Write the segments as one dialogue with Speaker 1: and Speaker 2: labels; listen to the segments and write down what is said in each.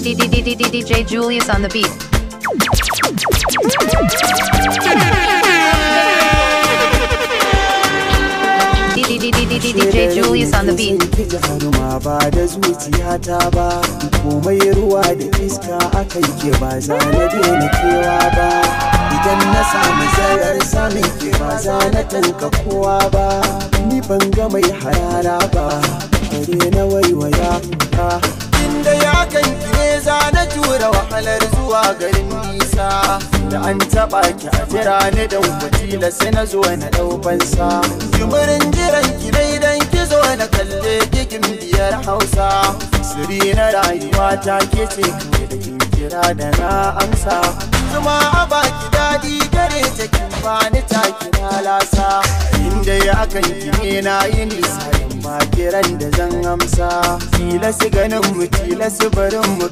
Speaker 1: DJ Julius on the beat. DJ Julius on the beat.
Speaker 2: Jaruma ba ruwa da iska aka yi ke ba za na ba. Idan na sami zarar ba ni ban ga mai ba, kare na waiwaya Inda ya ganki nisa na tura wahalar zuwa garin nisa da an taɓa ki a jira ni da wakila sai na zo na sa jimirin jiran ki dai dan ki zo na kalle kikin biyar hausa siri na rayuwa ta ke ce kai da kin kira da na amsa zuma a baki daɗi gare ta kin bani ta kira lasa inda ya kan ki ne na yin nisa ma da zan amsa tila su ganin mu tila su barin mu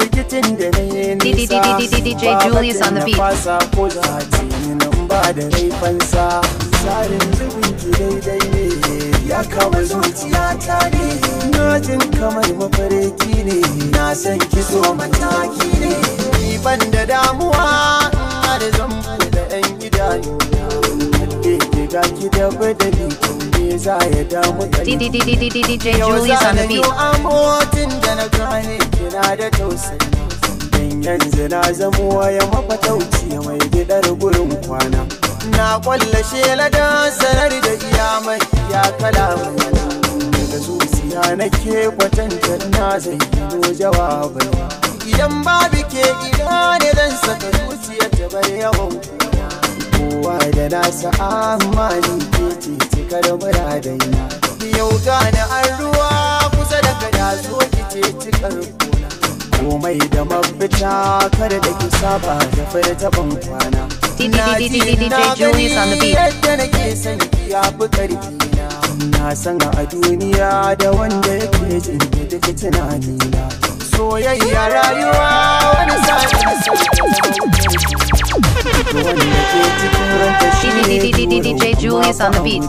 Speaker 2: rikicin da na yi nisa ba batun na fasa ko za a ba da laifansa tsarin zubin ki daidai ne ya kama zuciya ta ne na jin kamar mafariki ne na san ki zo mataki ne ban da damuwa na da zan da ɗan idanu na kalle ga ki da badali ne za ya damu gari da na gane kina da tausayi dan yanzu na zamo ya mafatauci mai gidar gurin kwana na kwalla shela da sanar da iya mai ya kalamai daga zuciya nake kwatanta na zai yi jawabai idan babu ke gida ne zan saka zuciya ta bar yawan kowa da nasa amani ke cika da muradaina yau gane an ruwa kusa da gada zo ki ce kona komai da mafita kada da ki saba da fara taban kwana
Speaker 1: na ji na gani yadda
Speaker 2: nake son ki ya fi karfi na san a duniya da wanda yake jirgi duk tunanina soyayya rayuwa wani sa'a
Speaker 1: Luis on the beat.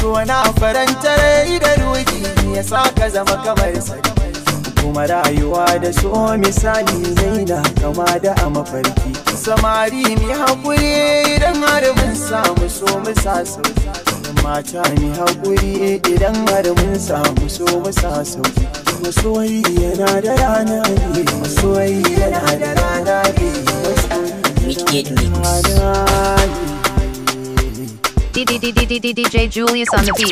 Speaker 2: Suna farantare da ruki ya sa ka zama kamar sani. Kuma rayuwa da so misali zaina kama da a mafarki. Samari mi hakuri idan har mun samu so mu sa sauki. Mata mi hakuri idan har mun samu so mu sa sauki. Masoyi yana da rana ne, masoyi yana da rana ne. Masoyi yana da rana ne.
Speaker 1: DJ Julius on the beat.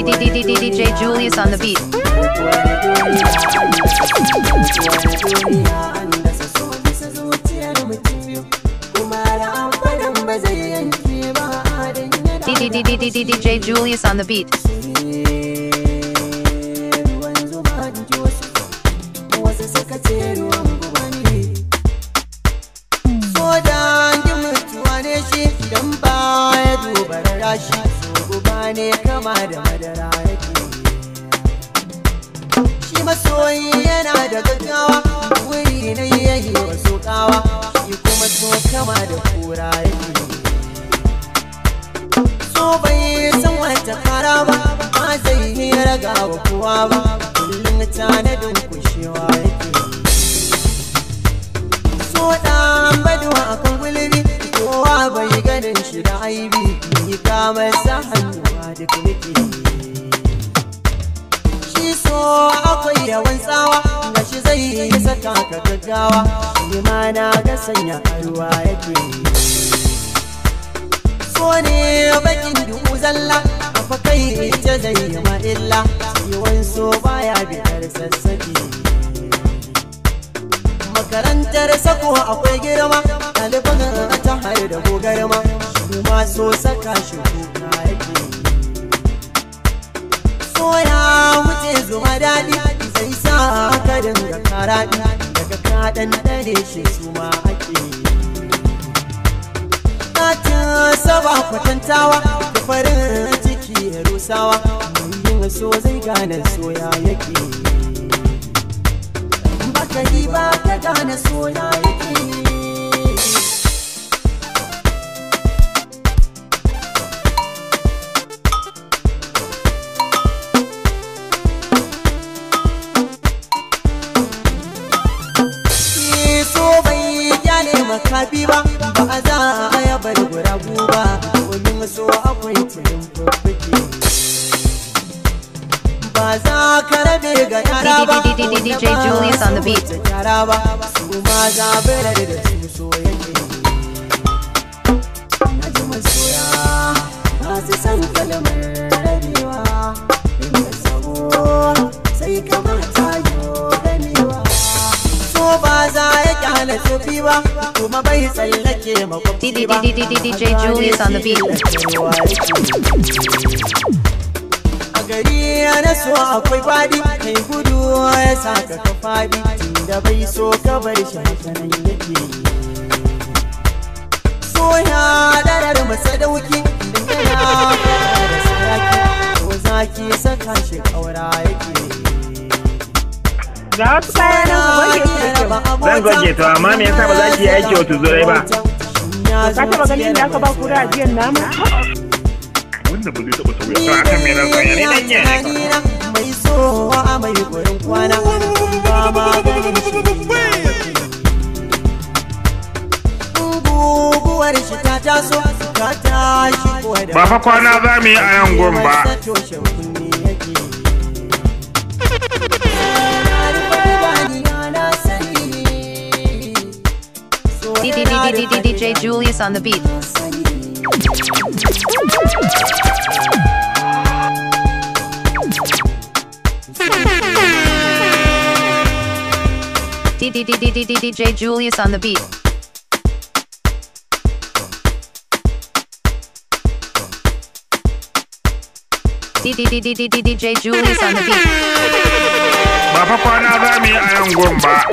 Speaker 1: DJ Julius on the beat. DJ Julius on the beat.
Speaker 2: Soda, give me to an issue, don't buy it, ne kama da madara yake shi masoyi yana da gaggawa wuri na yayi wasu kawa shi kuma so kama da kura yake so bai san wata fara ba ba zai yi raga wa kowa ba kullum tanadin kushewa yake so da baduwa akan gulbi kowa bai ganin shi da aibi mai kamar sa hannuwa duk muke shi so akwai yawan tsawa ga shi zai yi saka ka gaggawa shi ma na ga sanya ruwa yake so ne bakin duhu zalla a kai ita zai yi ma illa yiwan so baya biyar sassaki makarantar sako akwai girma ɗaliban ta da gogarma kuma so saka shi kuka yake soya wuce zuma daɗi zai sa ka dinga karaɗi daga kaɗan ɗare shi ma ake ta saba kwatantawa da farin ciki ya rusawa yin so zai gane soya yake baka yi ba ka gane soya yake kafi ba ba a za a yaba da gurabu ba domin so akwai tilin ba za ka rabe ga yara ba DJ Julius ba su ma da su na ji masoya su san kalmar rabewa sabo sai ganewa so ba za hana tsufi ba kuma bai tsallake makwabci ba DJ Julius on the beat a gari ya naso akwai fadi kai gudu ya saka ka fadi da bai so ka bar shi hakanan yake so darar masa dauki da yana saraki ko zaki saka shi kaura yake ga wasu kayan zan goge to amma me yasa ba za ki yi aiki wa tuzurai ba ka taba ganin da aka ba ku da ajiyar nama wanda ba zai taba sauya ta akan me na sanya ne dan ne mai so mai gurin kwana ba ma guguwar ba fa kwana za mu yi a yan ba.
Speaker 1: DJ Julius on the beat. DJ Julius on the beat. DJ Julius on the beat.
Speaker 2: Bapa kwana zami ayan gumba.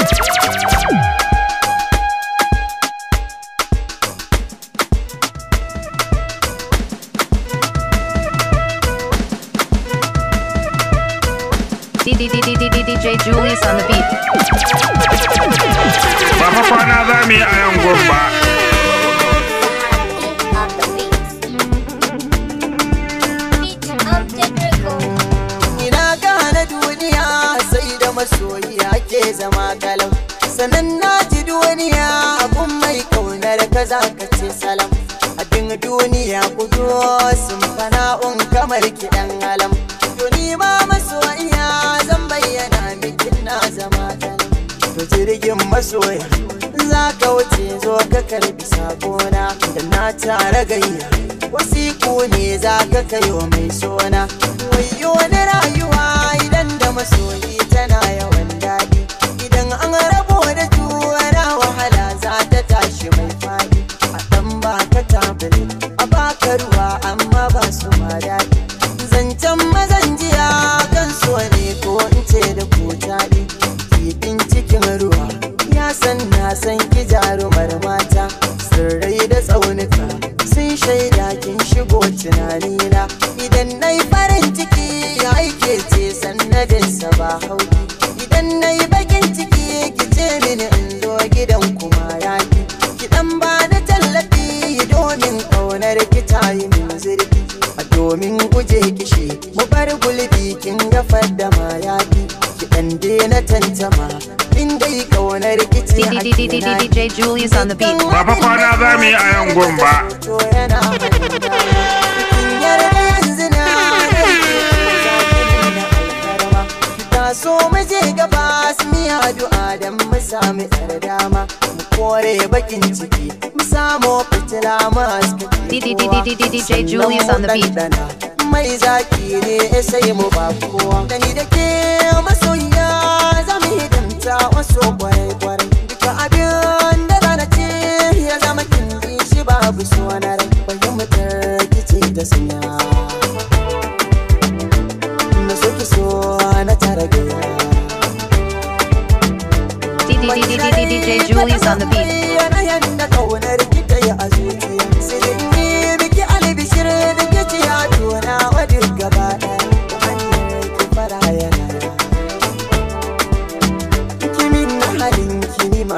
Speaker 1: DJ Julius on the beat.
Speaker 2: Ba fa kwana za mu yi masoyiya ke zama kalam. sanan na ji duniya abun mai kaunar ka za ka ce salam a duniya sun fana'un kamar kiɗan halau cikin masoya za ka wuce zo ka karbi sakona da na tare gayya wasiku ne za ka kai wa mai sona wayo na rayuwa idan da masoyi tsaunuka sun shaida kin shigo tunanina idan na yi farin ciki ya aike ce na ba hauka
Speaker 1: CD DJ Julius on the beat. baba kwana za mu yi a yan gumba.
Speaker 2: So mu je gaba su mi addu'a dan mu sami tsar dama mu kore bakin ciki mu samu fitila mu haske. DJ Julius on the beat. mai zaki ne eh, sai mu ba kowa gani da ke masoyiya za mu hidimta wasu kwarai-kwarai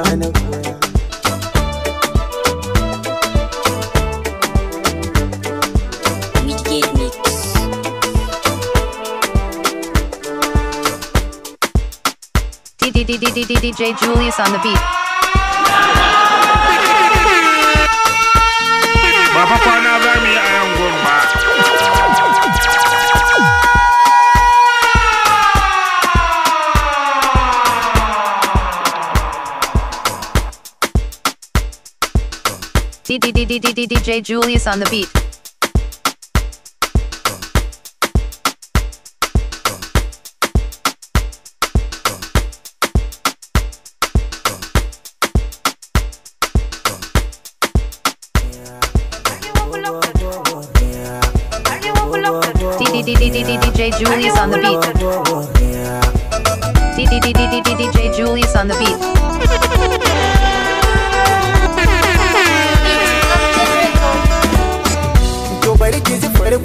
Speaker 2: mine away.
Speaker 1: DJ Julius on the beat. DJ Julius on the beat. DJ Julius on the beat. DJ Julius on the beat.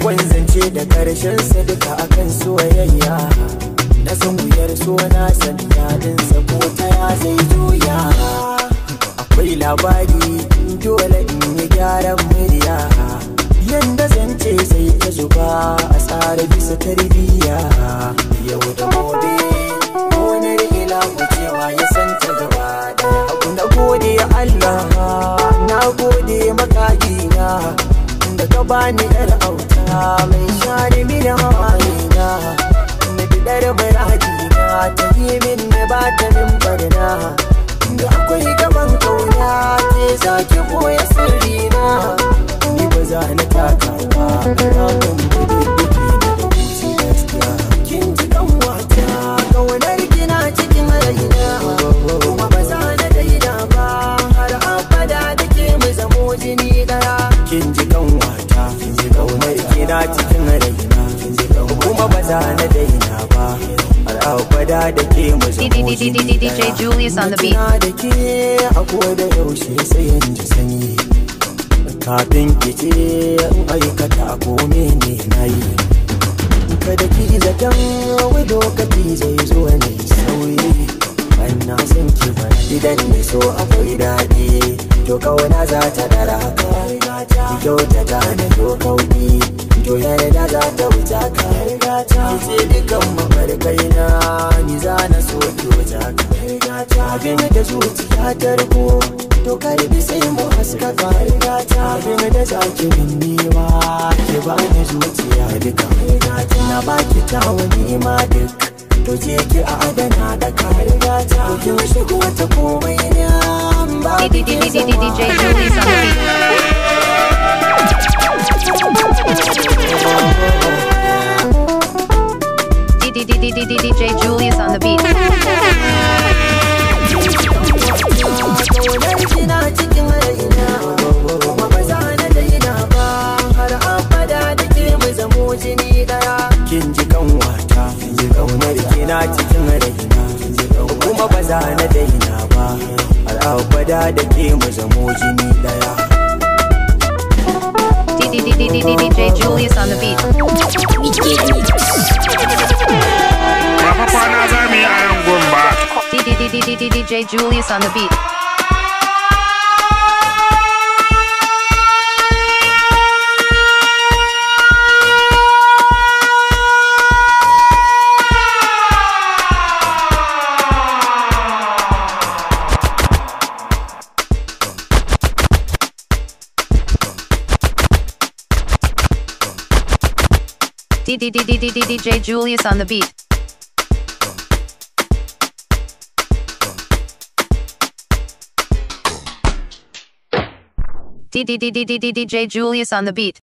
Speaker 2: Farkon da ƙarshen sa akan soyayya Na san wuyar so na ko ta ya zai juya Akwai labari dole in yi gyaran murya Yanda zance zai ta zuba a tsara bisa tarbiyya Yau da gobe wani rigila cewa ya santa gaba daya na gode Allah na gode makagina da bani yar auta mai shani mini hawayena na bidar barajina ta yi min da ba ta min barna da akwai gaban kauna ke za ki koya sirrina ni ba za ba za na daina ba har abada da ke mu DJ Julius on the da ke a da yaushe sai in ji sanyi kafin ki ce in aikata ko mene na yi kada ki zaton wai lokaci zai zo ne sauyi na san ki idan ne so akwai daɗi to kauna za ta dara ka ki kyauta ta na to kauni to yarda za ta wuce ka riga ta ce dukan mafarkai na ni za na so ki wuce ka riga ta abin da zuciya ta riko to karbi sai mu haska ka riga ta abin da za ki binnewa ke ba ni zuciya duka riga ta na ba ki ta wani ma duk to je ki a adana da ka riga ta ki wasu wata komai
Speaker 1: na ba ki DJ Jolie Salafi DJ Julius on the beat. kuma ba
Speaker 2: za na daina ba, al'abada da ke mu zamo jini.
Speaker 1: DJ Julius on the beat. DJ Julius on the beat. DJ Julius on the beat. DJ Julius on the beat.